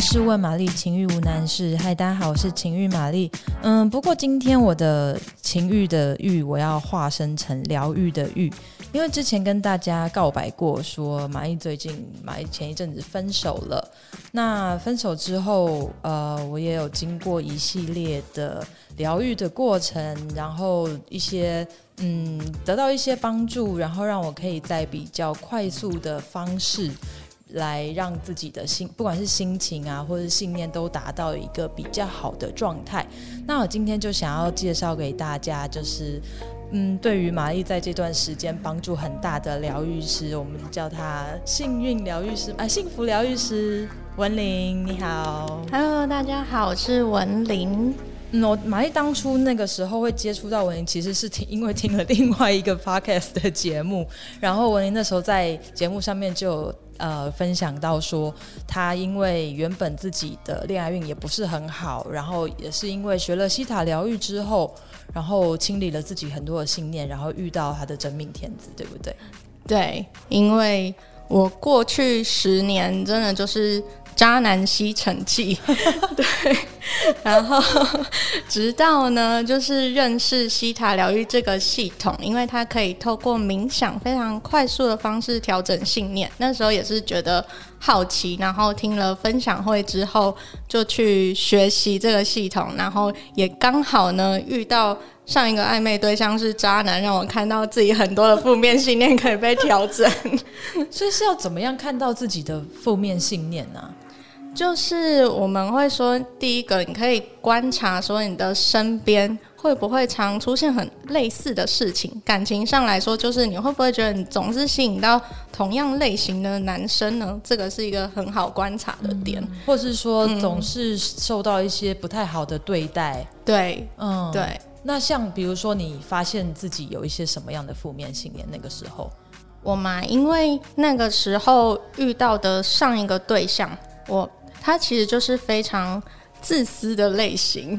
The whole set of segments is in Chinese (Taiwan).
試問瑪麗，情慾無難事。嗨，大家好，我是情慾瑪麗。嗯，不過今天我的情慾的慾，我要化身成療癒的癒，因為之前跟大家告白過說，說瑪麗最近瑪麗前一陣子分手了。那分手之後，呃，我也有經過一系列的療癒的過程，然後一些嗯，得到一些幫助，然後讓我可以在比較快速的方式。來讓自己的心，不管是心情啊，或是信念，都達到一個比較好的狀態。那我今天就想要介紹給大家，就是，嗯，對於瑪麗在這段時間幫助很大的療癒師，我們叫他幸運療癒師，啊、哎、幸福療癒師文玲，你好。Hello，大家好，我是文玲。嗯、我瑪麗當初那個時候會接觸到文齡，其實是聽因為聽了另外一個 podcast 的節目，然後文齡那時候在節目上面就呃分享到說，她因為原本自己的戀愛運也不是很好，然後也是因為學了希塔療癒之後，然後清理了自己很多的信念，然後遇到她的真命天子，對不對？對，因為我過去十年真的就是。渣男吸塵器，對，然後直到呢，就是認識希塔療癒這個系統，因為他可以透過冥想非常快速的方式調整信念。那時候也是覺得好奇，然後聽了分享會之後，就去學習這個系統，然後也剛好呢遇到上一個曖昧對象是渣男，讓我看到自己很多的負面信念可以被調整。 所以是要怎麼樣看到自己的負面信念呢、啊？就是我們會說，第一個，你可以觀察說你的身邊會不會常出現很類似的事情。感情上來說，就是你會不會覺得你總是吸引到同樣類型的男生呢？這個是一個很好觀察的點，嗯、或是說總是受到一些不太好的對待。嗯、對，嗯，對。那像比如說，你發現自己有一些什麼樣的負面信念？那個時候，我嘛，因為那個時候遇到的上一個對象，我。他其實就是非常自私的類型，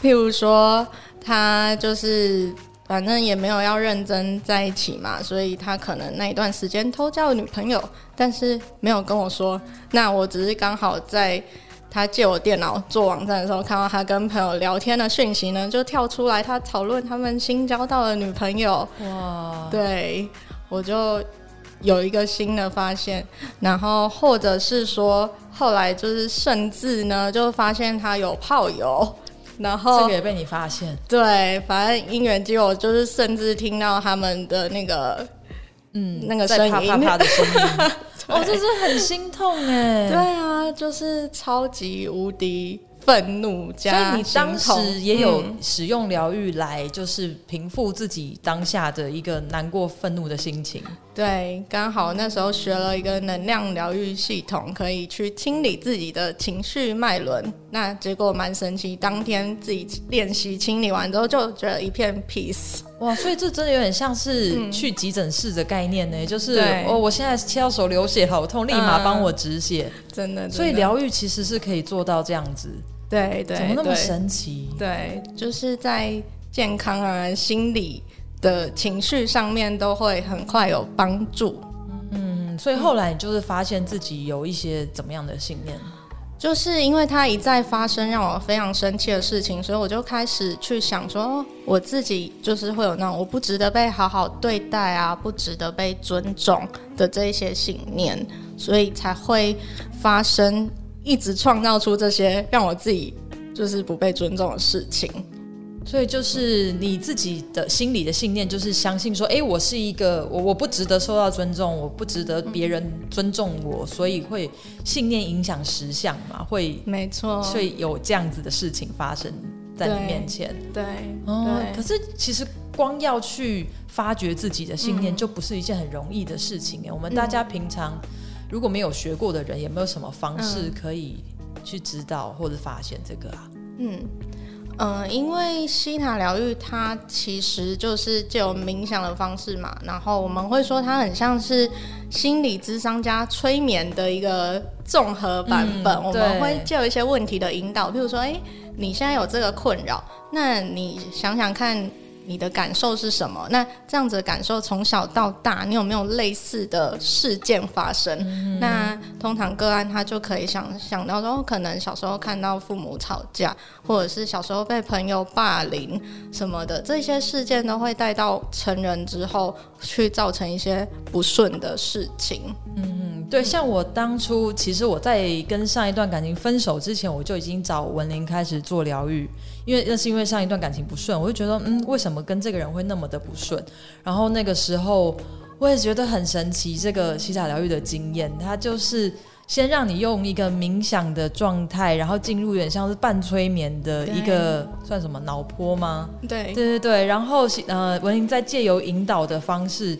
譬如說，他就是反正也沒有要認真在一起嘛，所以他可能那一段時間偷交了女朋友，但是沒有跟我說。那我只是剛好在他借我電腦做網站的時候，看到他跟朋友聊天的訊息呢，就跳出來他討論他們新交到的女朋友。哇，對，我就。有一個新的發現，然後或者是說，後來就是甚至呢，就發現他有炮友，然後這個也被你發現。對，反正因緣機我就是甚至聽到他們的那個，嗯，那個聲音，啪啪啪的聲音 哦，這、就是很心痛哎。對啊，就是超級無敵憤怒加。所以你當時也有使用療癒來，就是平復自己當下的一個難過、憤怒的心情？對，剛好那時候學了一個能量療癒系統，可以去清理自己的情緒脈輪。那結果蠻神奇，當天自己練習清理完之後，就覺得一片 peace。哇，所以這真的有點像是去急診室的概念呢。嗯，就是我、哦、我現在切到手流血，好痛，立馬幫我止血。呃、真的真的，所以療癒其實是可以做到這樣子。對對，怎麼那麼神奇？對，對就是在健康啊，心理，的情緒上面都會很快有幫助，嗯，所以後來你就是發現自己有一些怎麼樣的信念，嗯，就是因為他一再發生讓我非常生氣的事情，所以我就開始去想說，我自己就是會有那種我不值得被好好對待啊，不值得被尊重的這一些信念，所以才會發生，一直創造出這些讓我自己就是不被尊重的事情。所以就是你自己的心理的信念，就是相信說，哎、欸，我是一個我，我不值得受到尊重，我不值得別人尊重我，嗯，所以會信念影響實相嘛。會，沒錯，所以有這樣子的事情發生在你面前。對，對哦對，可是其實光要去發掘自己的信念，就不是一件很容易的事情哎、嗯。我們大家平常如果沒有學過的人，也、嗯、沒有什麼方式可以去知道或者發現這個啊。嗯。嗯、呃，因為希塔療癒它其實就是借由冥想的方式嘛，然後我們會說它很像是心理諮商加催眠的一個綜合版本。嗯、我們會借由一些問題的引導，譬如說，誒、欸，你現在有這個困擾，那你想想看。你的感受是什麼？那這樣子的感受從小到大，你有沒有類似的事件發生？嗯，那通常個案他就可以想想到說，哦，可能小時候看到父母吵架，或者是小時候被朋友霸凌什麼的，這些事件都會帶到成人之後去造成一些不順的事情。嗯。對，像我當初，其實我在跟上一段感情分手之前，我就已經找文齡開始做療癒，因為那是因為上一段感情不順，我就覺得，嗯，為什麼跟這個人會那麼的不順？然後那個時候，我也覺得很神奇，這個希塔療癒的經驗，它就是先讓你用一個冥想的狀態，然後進入有點像是半催眠的一個，算什麼腦波嗎？對，對對對。然後呃，文齡在借由引導的方式。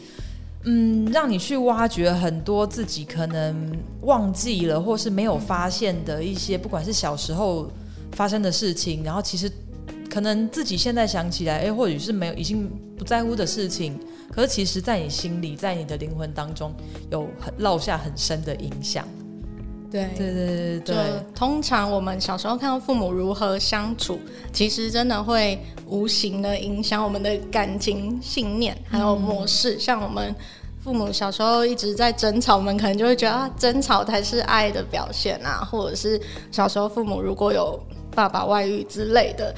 嗯，讓你去挖掘很多自己可能忘記了，或是沒有發現的一些，不管是小時候發生的事情，然後其實可能自己現在想起來，誒、欸，或許是沒有已經不在乎的事情，可是其實在你心裡，在你的靈魂當中有很，有烙下很深的影響。對對對對對，就通常我們小時候看到父母如何相處，其實真的會無形的影響我們的感情信念還有模式，嗯。像我們父母小時候一直在爭吵，我們可能就會覺得啊，爭吵才是愛的表現啊，或者是小時候父母如果有爸爸外遇之類的，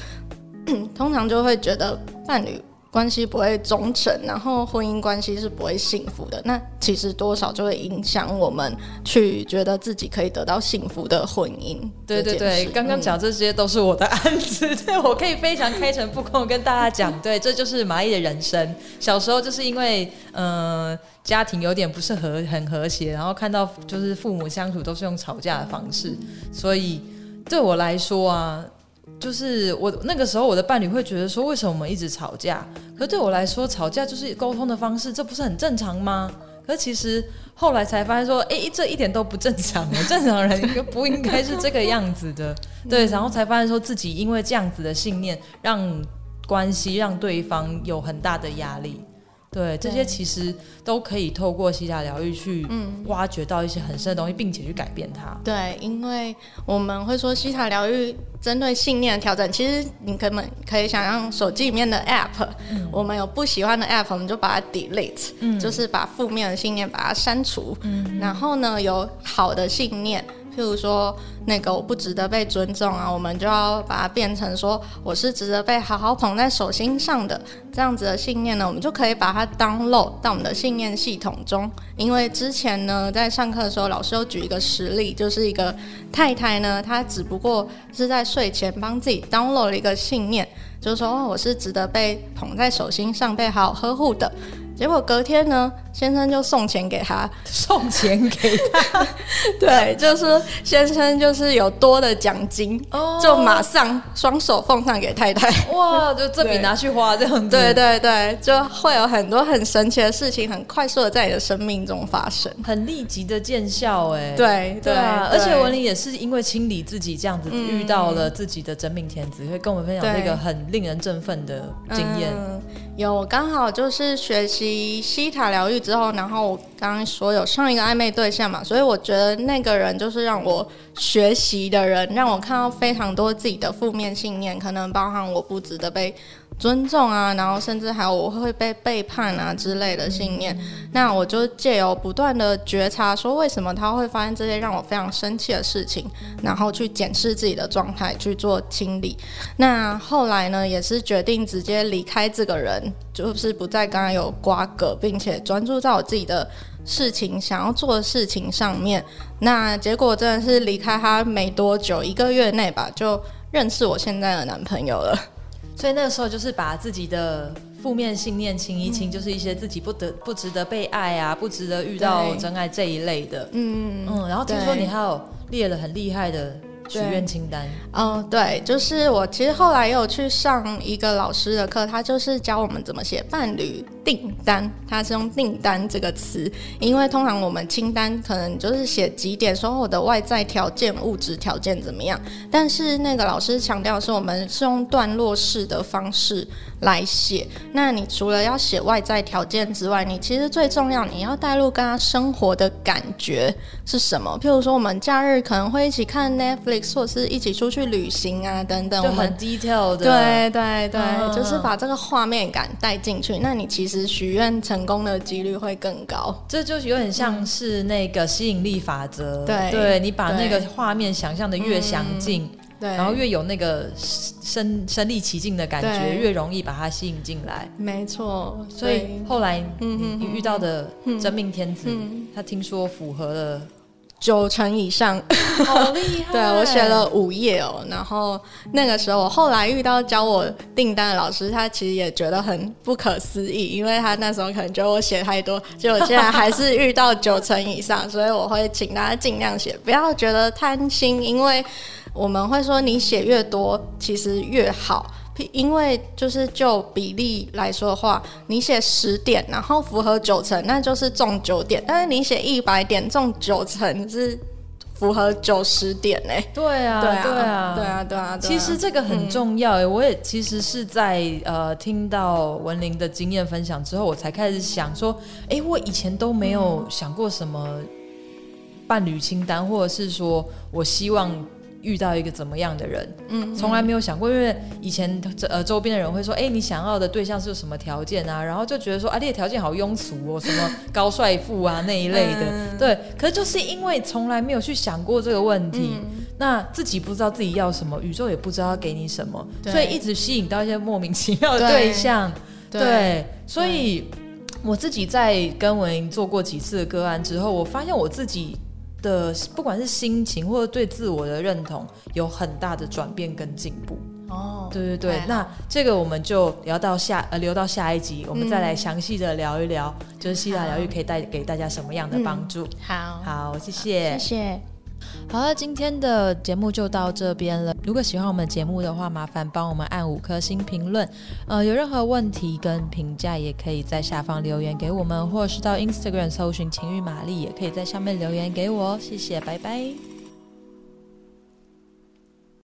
通常就會覺得伴侶關係不會忠誠，然後婚姻關係是不會幸福的。那其實多少就會影響我們去覺得自己可以得到幸福的婚姻。對對對，嗯、剛剛講這些都是我的案子，對我可以非常開誠布公跟大家講。對，這就是瑪麗的人生。小時候就是因為呃家庭有點不是和很和諧，然後看到就是父母相處都是用吵架的方式，所以對我來說啊。就是我那個時候，我的伴侶會覺得說，為什麼我們一直吵架？可對我來說，吵架就是溝通的方式，這不是很正常嗎？可是其實後來才發現說，哎，這一點都不正常，正常的人不應該是這個樣子的。 對、嗯，然後才發現說自己因為這樣子的信念，讓關係讓對方有很大的壓力。對，這些其實都可以透過希塔療癒去挖掘到一些很深的東西、嗯，並且去改變它。對，因為我們會說希塔療癒針對信念的調整。其實你根本可以想像手機裡面的 App，、嗯、我們有不喜歡的 App，我們就把它 Delete，、嗯、就是把負面的信念把它刪除、嗯。然後呢，有好的信念，譬如說，那個我不值得被尊重啊，我們就要把它變成說，我是值得被好好捧在手心上的這樣子的信念呢，我們就可以把它 download 到我們的信念系統中。因為之前呢，在上課的時候，老師又舉一個實例，就是一個太太呢，她只不過是在睡前幫自己 download 了一個信念，就是說，哦，我是值得被捧在手心上，被好好呵護的。結果隔天呢，先生就送錢給他，送錢給他， 對， 就是先生就是有多的獎金，哦，就馬上雙手奉上給太太。哇，就這筆拿去花就很對對對，就會有很多很神奇的事情，很快速的在你的生命中發生，很立即的見效哎，對對，對，對，啊，而且文齡也是因為清理自己這樣子，遇到了自己的真命天子，會、嗯、跟我們分享這個很令人振奮的經驗。嗯有剛好就是學習希塔療癒之後，然後我剛剛說有上一個曖昧對象嘛，所以我覺得那個人就是讓我學習的人，讓我看到非常多自己的負面信念，可能包含我不值得被。尊重啊，然後甚至還有我會被背叛啊之類的信念，那我就借由不斷的覺察，說為什麼他會發生這些讓我非常生氣的事情，然後去檢視自己的狀態，去做清理。那後來呢，也是決定直接離開這個人，就是不再跟他有瓜葛，並且專注在我自己的事情，想要做的事情上面。那結果真的是離開他沒多久，一個月內吧，就認識我現在的男朋友了。所以那個時候就是把自己的負面信念清一清，嗯，就是一些自己不得不值得被愛啊，不值得遇到真愛這一類的。嗯嗯，然後聽說你還有列了很厲害的許願清單。哦，對，就是我其實後來也有去上一個老師的課，他就是教我們怎麼寫伴侶訂單。他是用“訂單”這個詞，因為通常我們清單可能就是寫幾點說我的外在條件、物質條件怎麼樣。但是那個老師強調說，是我們是用段落式的方式來寫。那你除了要寫外在條件之外，你其實最重要，你要帶入跟他生活的感覺是什麼？譬如說，我們假日可能會一起看 Netflix。或是一起出去旅行啊，等等，就很 detailed，啊、對對對，對，就是把這個畫面感帶進去。那你其實許願成功的幾率會更高，這就有點像是那個吸引力法則、嗯，對，對你把那個畫面想象的越詳盡，對、嗯，然後越有那個身身歷其境的感覺，越容易把它吸引進來。沒錯，所以後來你遇到的真命天子，嗯、他聽說符合了，九成以上、哦，好厲害！ 對，我寫了五頁哦、喔，然後那個時候我後來遇到教我訂單的老師，他其實也覺得很不可思議，因為他那時候可能覺得我寫太多，結果竟然還是遇到九成以上， 所以我會請大家盡量寫，不要覺得貪心，因為我們會說你寫越多，其實越好。因為就是就比例來說的話，你寫十點，然後符合九成，那就是中九點；但是你寫一百點，中九成是符合九十點呢、啊啊？對啊，對啊，對啊，對啊，對啊。其實這個很重要誒、嗯，我也其實是在呃聽到文齡的經驗分享之後，我才開始想說，哎、欸，我以前都沒有想過什麼伴侶清單、嗯，或者是說我希望。遇到一個怎麼樣的人？嗯，嗯，從來沒有想過，因為以前呃周邊的人會說：“哎、欸，你想要的對象是什麼條件啊？”然後就覺得說：“啊，這些條件好庸俗哦， 什麼高帥富啊那一類的。嗯”對，可是就是因為從來沒有去想過這個問題、嗯，那自己不知道自己要什麼，宇宙也不知道要給你什麼，所以一直吸引到一些莫名其妙的對象。對，對對所以我自己在跟文齡做過幾次的個案之後，我發現我自己。的不管是心情或者對自我的認同，有很大的轉變跟進步。哦，對對對，那這個我們就聊到下，呃，留到下一集，嗯，我們再來詳細的聊一聊，嗯、就是希塔療癒可以帶給大家什麼樣的幫助，嗯。好，好，謝謝，謝謝。好了，啊，今天的節目就到這邊了。如果喜歡我們節目的話，麻煩幫我們按五顆星評論。呃，有任何問題跟評價，也可以在下方留言給我們，或者是到 Instagram 搜尋“情慾瑪麗”，也可以在下面留言給我。謝謝，拜拜。